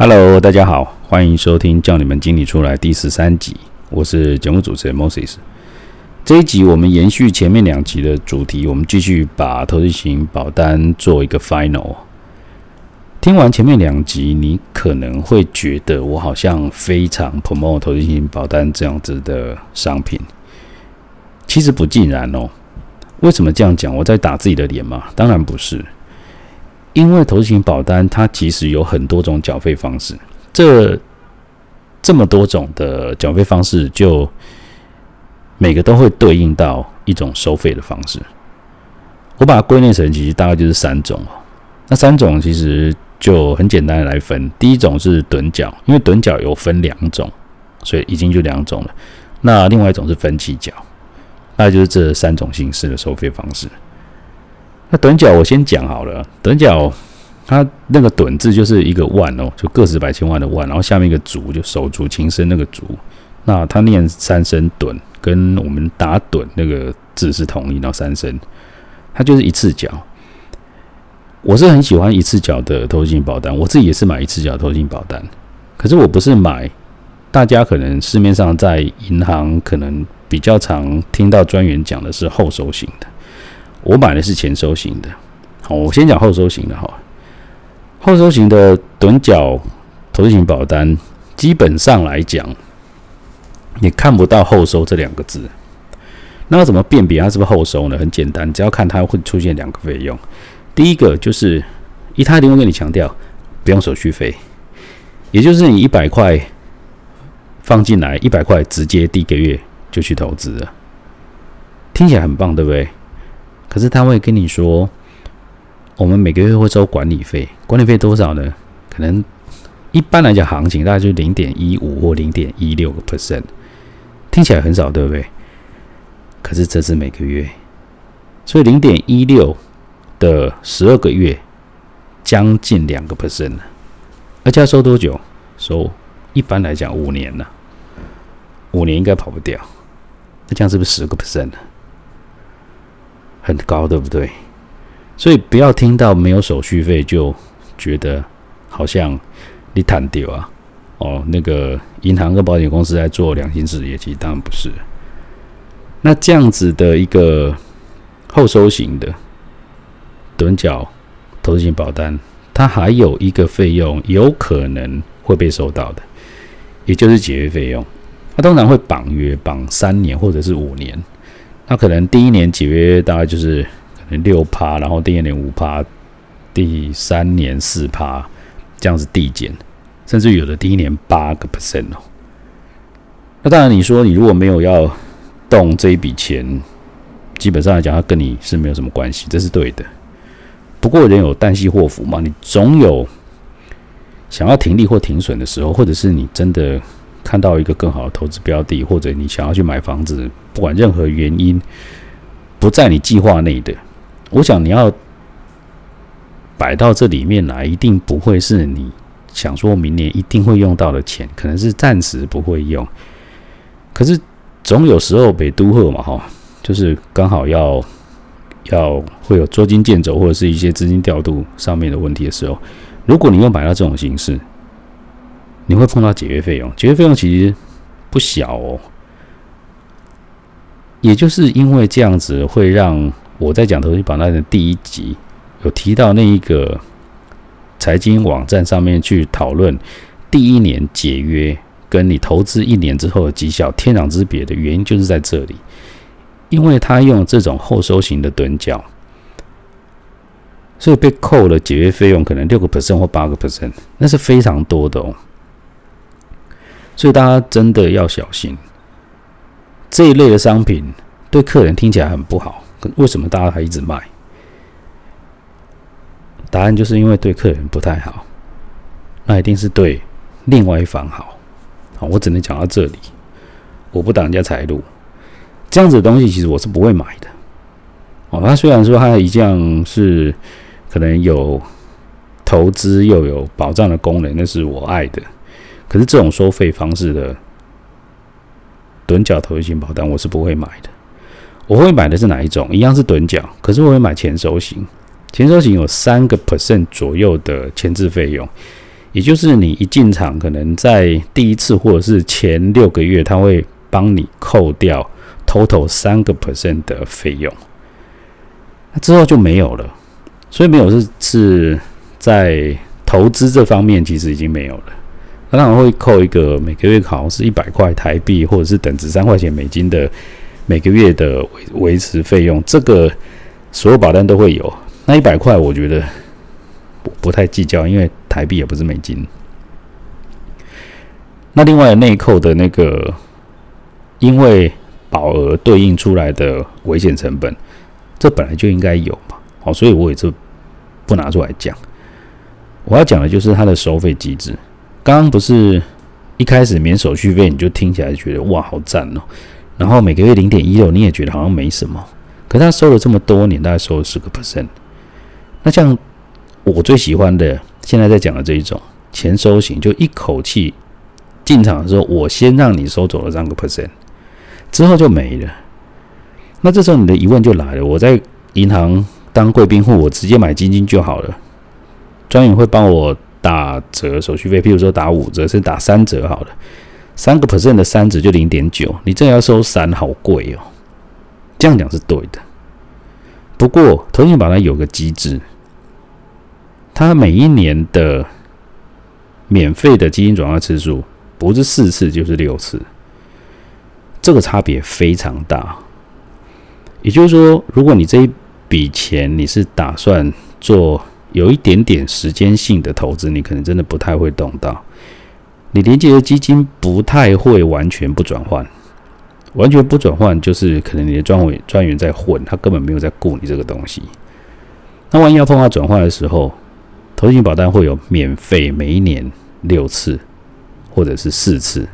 Hello，大家好，歡迎收聽《叫你們經理出來》第十三集，我是節目主持人 Moses。這一集我們延續前面兩集的主題，我們繼續把投資型保單做一個 final。聽完前面兩集，你可能會覺得我好像非常 promote 投資型保單這樣子的商品，其實不盡然哦。為什麼這樣講？我在打自己的臉嗎？當然不是。因為投資型保單，它其實有很多種繳費方式。這這麼多種的繳費方式，就每個都會對應到一種收費的方式。我把它歸類成，其實大概就是三種。那三種其實就很簡單來分：第一種是躉繳，因為躉繳有分兩種，所以已經就兩種了。那另外一種是分期繳，那就是這三種形式的收費方式。那躉繳我先講好了，躉繳它那個“躉”字就是一個萬哦，就個十百千萬的萬，然後下面一個“足”，就手足情深那個“足”。那它念三聲“躉”，跟我們打“盹”那個字是同音到三聲，它就是一次繳。我是很喜歡一次繳的投資型保單，我自己也是買一次繳投資型保單。可是我不是買大家可能市面上在銀行可能比較常聽到專員講的是後收型的。我買的是前收型的，好，我先講後收型的哈。後收型的躉繳投資型保單，基本上來講，你看不到“後收”這兩個字。那要怎麼辨別它是不是後收呢？很簡單，只要看它會出現兩個費用。第一個就是，它一定會跟你強調，不用手續費，也就是你一百塊放進來，一百塊直接第一個月就去投資了，聽起來很棒，對不對？可是他會跟你說，我們每個月會收管理費。管理費多少呢？可能一般來講，行情大概就零點一五或零點一六個 percent，聽起來很少，對不對？可是這是每個月，所以零點一六的十二個月，將近兩個 percent 了，而且要收多久？收、so, 一般來講五年了，五年應該跑不掉，那這樣是不是十個 percent 了？很高，對不對？所以不要聽到沒有手續費就覺得好像你坦丟啊！哦，那個銀行跟保險公司在做良心事業，其實當然不是。那這樣子的一個後收型的躉繳投資型保單，它還有一個費用有可能會被收到的，也就是解約費用。它通常會綁約綁三年或者是五年。那、啊、可能第一年解約大概就是可能六趴，然後第二年五趴，第三年四趴，這樣子遞減，甚至有的第一年八個 percent 哦。那當然，你說你如果沒有要動這一筆錢，基本上來講，它跟你是沒有什麼關係，這是對的。不過人有旦夕禍福嘛，你總有想要停利或停損的時候，或者是你真的。看到一個更好的投資標的，或者你想要去買房子，不管任何原因不在你計劃內的，我想你要擺到這裡面來，一定不會是你想說明年一定會用到的錢，可能是暫時不會用。可是總有時候北都赫嘛哈，就是剛好要要會有捉襟見肘或者是一些資金調度上面的問題的時候，如果你又擺到這種形式。你會碰到解約費用，解約費用其實不小哦。也就是因為這樣子，會讓我在講投資保單的第一集有提到那一個財經網站上面去討論，第一年解約跟你投資一年之後的績效天壤之別的原因，就是在這裡。因為他用這種後收型的躉繳。所以被扣了解約費用，可能六個 percent 或八個 percent，那是非常多的哦。所以大家真的要小心這一類的商品，對客人聽起來很不好。可為什麼大家還一直賣？答案就是因為對客人不太好，那一定是對另外一方好。好，我只能講到這裡，我不擋人家財路。這樣子的東西，其實我是不會買的。哦，他雖然說他一樣是可能有投資又有保障的功能，那是我愛的。可是這種收費方式的躉繳投資型保單，我是不會買的。我會買的是哪一種？一樣是躉繳，可是我會買前收型。前收型有三個 percent 左右的前置費用，也就是你一進場，可能在第一次或者是前六個月，他會幫你扣掉 total 三個 percent 的費用。那之後就沒有了，所以沒有是是在投資這方面其實已經沒有了。它當然會扣一個每個月好像是一百塊台幣，或者是等值三塊錢美金的每個月的維維持費用。這個所有保單都會有。那一百塊我覺得不不太計較，因為台幣也不是美金。那另外內扣的那個，因為保額對應出來的危險成本，這本來就應該有嘛。好，所以我也就不拿出來講。我要講的就是它的收費機制。剛剛不是一開始免手續費，你就聽起來覺得哇好讚哦。然後每個月零點一六，你也覺得好像沒什麼。可是他收了這麼多年，大概收了十個 percent。那像我最喜歡的，現在在講的這一種前收型，就一口氣進場的時候，我先讓你收走了三個 percent，之後就沒了。那這時候你的疑問就來了：我在銀行當貴賓戶，我直接買基金就好了，專員會幫我。打折手續費，譬如說打五折，是打三折好了，三個 percent 的三折就零點九，你這要收三，好貴哦。這樣講是對的，不過投信把它有個機制，它每一年的免費的基金轉換次數不是四次，就是六次，這個差別非常大。也就是說，如果你這一筆錢你是打算做。有一點點時間性的投資，你可能真的不太會懂到。你連接的基金不太會完全不轉換，完全不轉換就是可能你的專委專員在混，他根本沒有在顧你這個東西。那萬一要放化轉換的時候，投資型保單會有免費每一年六次或者是四次，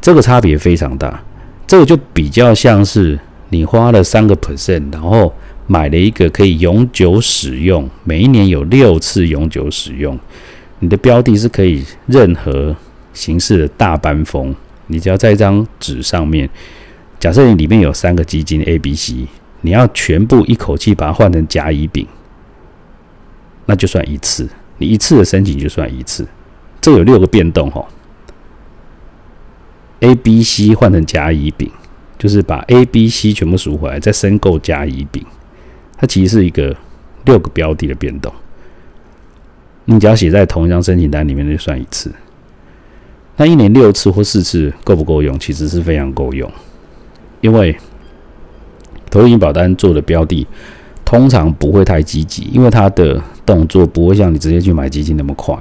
這個差別非常大。這個就比較像是你花了三個 percent，然後。買了一個可以永久使用，每一年有六次永久使用。你的標的是可以任何形式的大搬風，你只要在一張紙上面。假設你裡面有三個基金 A、B、C，你要全部一口氣把它換成甲、乙、丙，那就算一次。你一次的申請就算一次，這有六個變動哈、哦。A、B、C 換成甲、乙、丙，就是把 A、B、C 全部贖回來，再申購甲、乙、丙。它其實是一個六個標的的變動，你只要寫在同一張申請單裡面就算一次。那一年六次或四次夠不夠用？其實是非常夠用，因為投資型保單做的標的通常不會太積極，因為它的動作不會像你直接去買基金那麼快。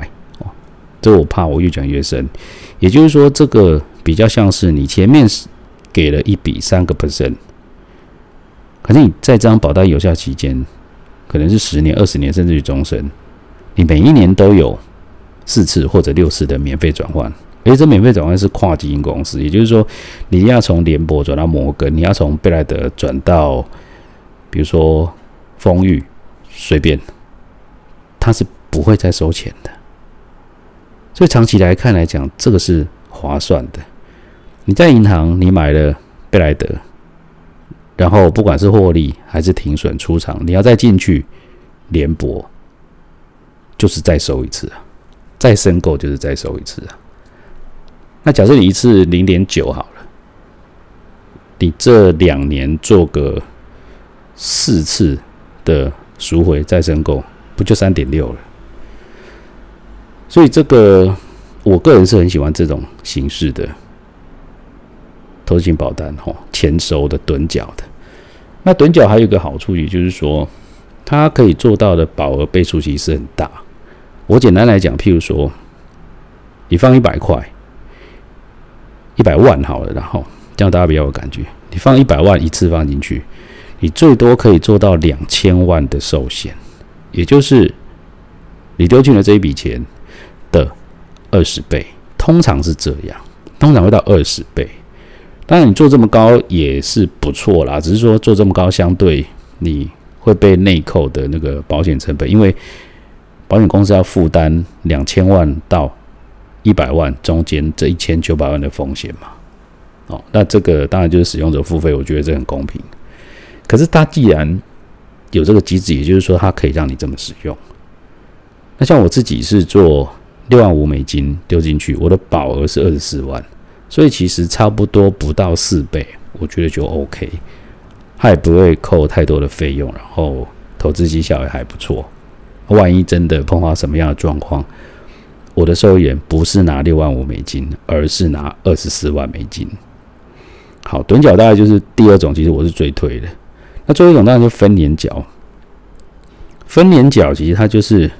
這我怕我越講越深，也就是說，這個比較像是你前面是給了一筆三個 percent。可是你在這張保單有效期間，可能是十年、二十年，甚至於終身，你每一年都有四次或者六次的免費轉換，而且這免費轉換是跨基金公司，也就是說，你要從聯博轉到摩根，你要從貝萊德轉到，比如說豐裕，隨便，它是不會再收錢的，所以長期來看來講，這個是划算的。你在銀行你買了貝萊德。然後不管是獲利還是停損出場，你要再進去連博，就是再收一次啊，再申購就是再收一次啊。那假設你一次零點九好了，你這兩年做個四次的贖回再申購，不就三點六了？所以這個我個人是很喜歡這種形式的投資型保單吼，前收的躉繳的。那躉繳還有一個好處，也就是說，它可以做到的保額倍數其實是很大。我簡單來講，譬如說，你放一百塊、一百萬好了，然後這樣大家比較有感覺。你放一百萬一次放進去，你最多可以做到兩千萬的壽險，也就是你丟進了這一筆錢的二十倍，通常是這樣，通常會到二十倍。當然，你做這麼高也是不錯啦，只是說做這麼高，相對你會被內扣的那個保險成本，因為保險公司要負擔兩千萬到一百萬中間這一千九百萬的風險嘛。哦，那這個當然就是使用者付費，我覺得這很公平。可是他既然有這個機制，也就是說他可以讓你這麼使用。那像我自己是做六萬五美金丟進去，我的保額是二十四萬。所以其實差不多不到四倍，我覺得就 OK，他也不會扣太多的費用，然後投資績效也還不錯。萬一真的碰到什麼樣的狀況，我的壽險不是拿六萬五美金，而是拿二十四萬美金。好，躉繳大概就是第二種，其實我是最推的。那最後一種當然就分年繳，分年繳其實它就是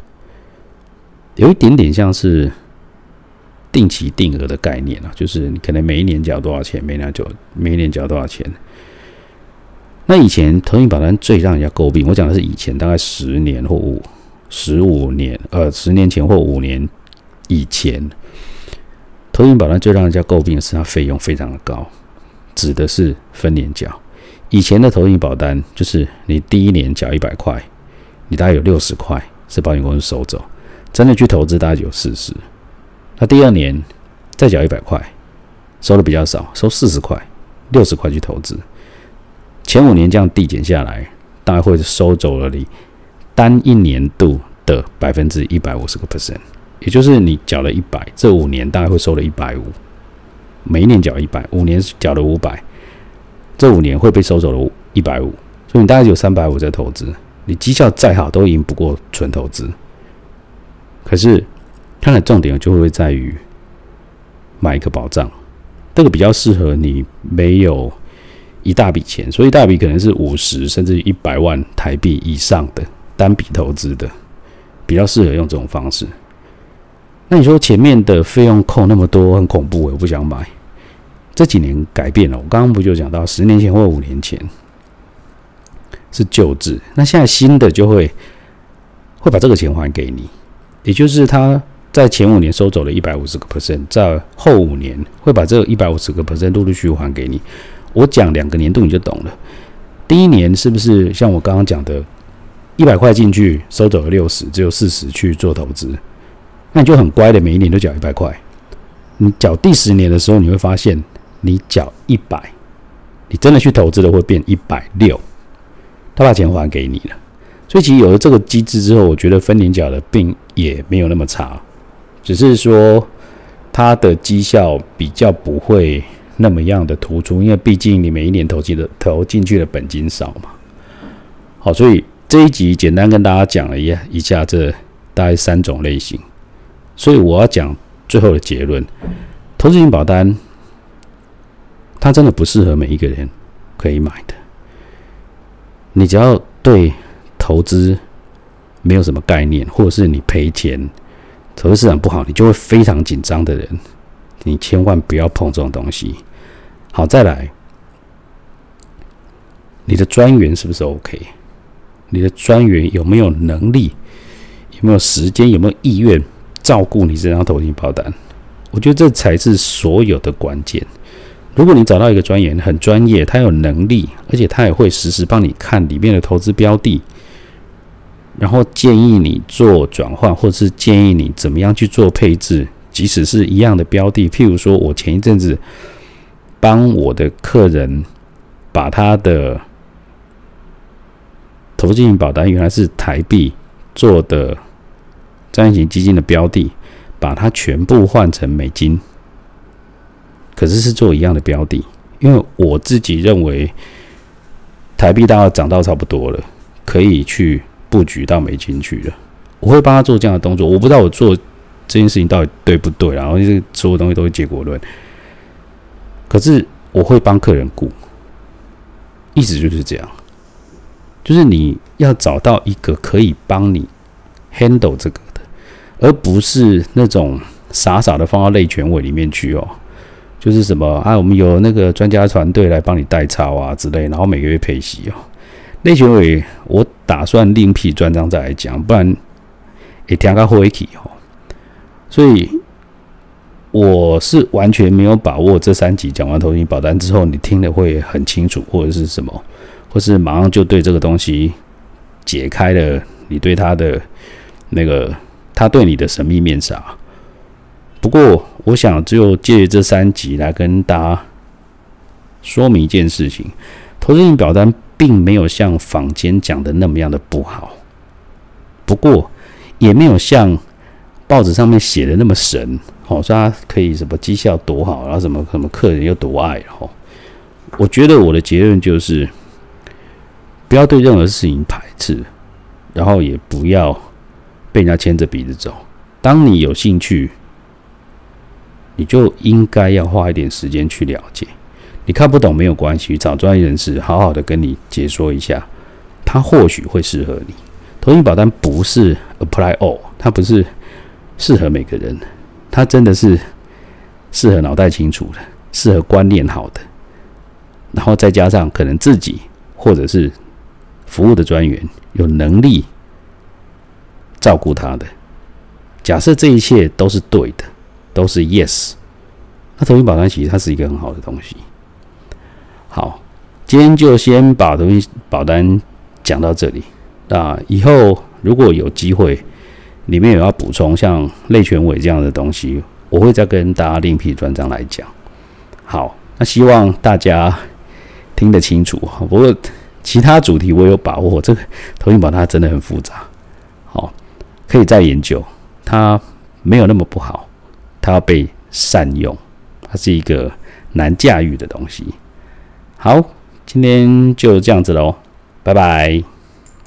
有一點點像是。定期定額的概念啊，就是你可能每一年繳多少錢，每年繳每一年繳多少錢。那以前投型保單最讓人家詬病，我講的是以前大概十年或五十五年，呃，十年前或五年以前，投型保單最讓人家詬病的是它費用非常的高，指的是分年繳。以前的投型保單就是你第一年繳一百塊，你大概有六十塊是保險公司收走，真的去投資大概有四十。那第二年再繳一百塊，收的比較少，收四十塊、六十塊去投資，前五年這樣遞減下來，大概會收走了你單一年度的百分之一百五十個 percent，也就是你繳了一百，這五年大概會收了一百五，每一年繳一百，五年繳了五百，這五年會被收走了一百五，所以你大概有三百五在投資，你績效再好都贏不過純投資，可是。它的重點就會在於買一個保障，這個比較適合你沒有一大筆錢，所以一大筆可能是五十甚至一百萬台幣以上的單筆投資的，比較適合用這種方式。那你說前面的費用扣那麼多很恐怖欸，我不想買。這幾年改變了，我剛剛不就講到十年前或五年前是舊制，那現在新的就會會把這個錢還給你，也就是他。在前五年收走了一百五十個 percent，在後五年會把這一百五十個 percent 陸陸續續還給你。我講兩個年度你就懂了。第一年是不是像我剛剛講的，一百塊進去收走了六十，只有四十去做投資？那你就很乖的，每一年都繳一百塊。你繳第十年的時候，你會發現你繳一百，你真的去投資了會變一百六，他把錢還給你了。所以其實有了這個機制之後，我覺得分年繳的並也沒有那麼差。只是說，它的績效比較不會那麼樣的突出，因為畢竟你每一年投進的投進去的本金少嘛。好，所以這一集簡單跟大家講了一一下這大概三種類型。所以我要講最後的結論：投資型保單，它真的不適合每一個人可以買的。你只要對投資沒有什麼概念，或者是你賠錢。投資市場不好，你就會非常緊張的人，你千萬不要碰這種東西。好，再來，你的專員是不是 OK？你的專員有沒有能力？有沒有時間？有沒有意願照顧你這張投資保單？我覺得這才是所有的關鍵。如果你找到一個專員很專業，他有能力，而且他也會時時幫你看裡面的投資標的。然後建議你做轉換，或者是建議你怎麼樣去做配置，即使是一樣的標的，譬如說我前一陣子幫我的客人把他的投資型保單原來是台幣做的債券型基金的標的，把它全部換成美金，可是是做一樣的標的，因為我自己認為台幣大概漲到差不多了，可以去。佈局到美金去了，我會幫他做這樣的動作。我不知道我做這件事情到底對不對，然後這是所有東西都是結果論。可是我會幫客人顧，一直就是這樣，就是你要找到一個可以幫你 handle 這個的，而不是那種傻傻的放到類全委裡面去哦。就是什麼啊，我們有那個專家團隊來幫你代操啊之類，然後每個月配息哦。內情委，我打算另闢專章，再來講，不然也聽到後一起哦。所以我是完全沒有把握，這三集講完投信保單之後，你聽得會很清楚，或者是什麼，或是馬上就對這個東西解開了，你對他的那個，他對你的神秘面紗。不過，我想就借這三集來跟大家說明一件事情。投資型保單並沒有像坊間講的那麼樣的不好，不過也沒有像報紙上面寫的那麼神。吼，說他可以什麼績效多好，然後什麼什麼客人有多愛。吼，我覺得我的結論就是，不要對任何事情排斥，然後也不要被人家牽着鼻子走。當你有興趣，你就應該要花一點時間去了解。你看不懂沒有關係，找專業人士好好的跟你解說一下，他或許會適合你。投型保單不是 apply all，它不是適合每個人，它真的是適合腦袋清楚的，適合觀念好的，然後再加上可能自己或者是服務的專員有能力照顧他的。假設這一切都是對的，都是 yes，那投型保單其實它是一個很好的東西。好，今天就先把投資型保單講到這裡。那以後如果有機會，裡面有要補充像類全委這樣的東西，我會再跟大家另闢專章來講。好，那希望大家聽得清楚，不過其他主題我有把握，這個投資型保單它真的很複雜。好，可以再研究，它沒有那麼不好，它要被善用，它是一個難駕馭的東西。好，今天就這樣子嘍，拜拜。